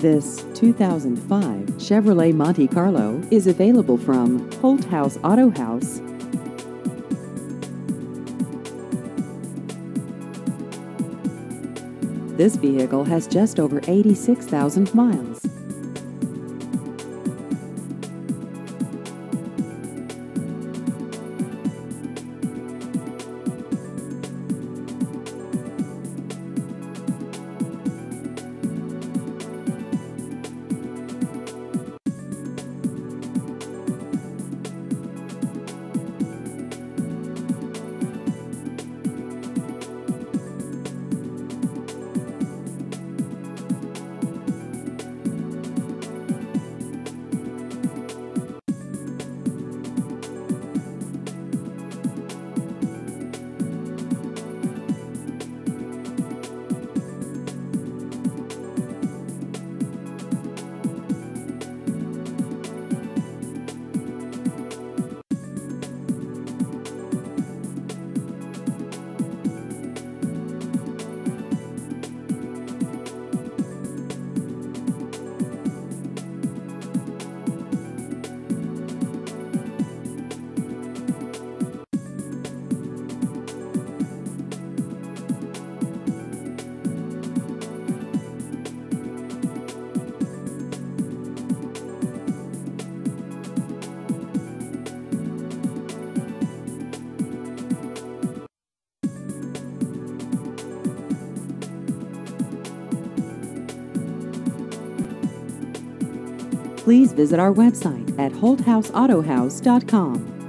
This 2005 Chevrolet Monte Carlo is available from Holt House Auto House. This vehicle has just over 86,000 miles. please visit our website at holdhouseautohouse.com.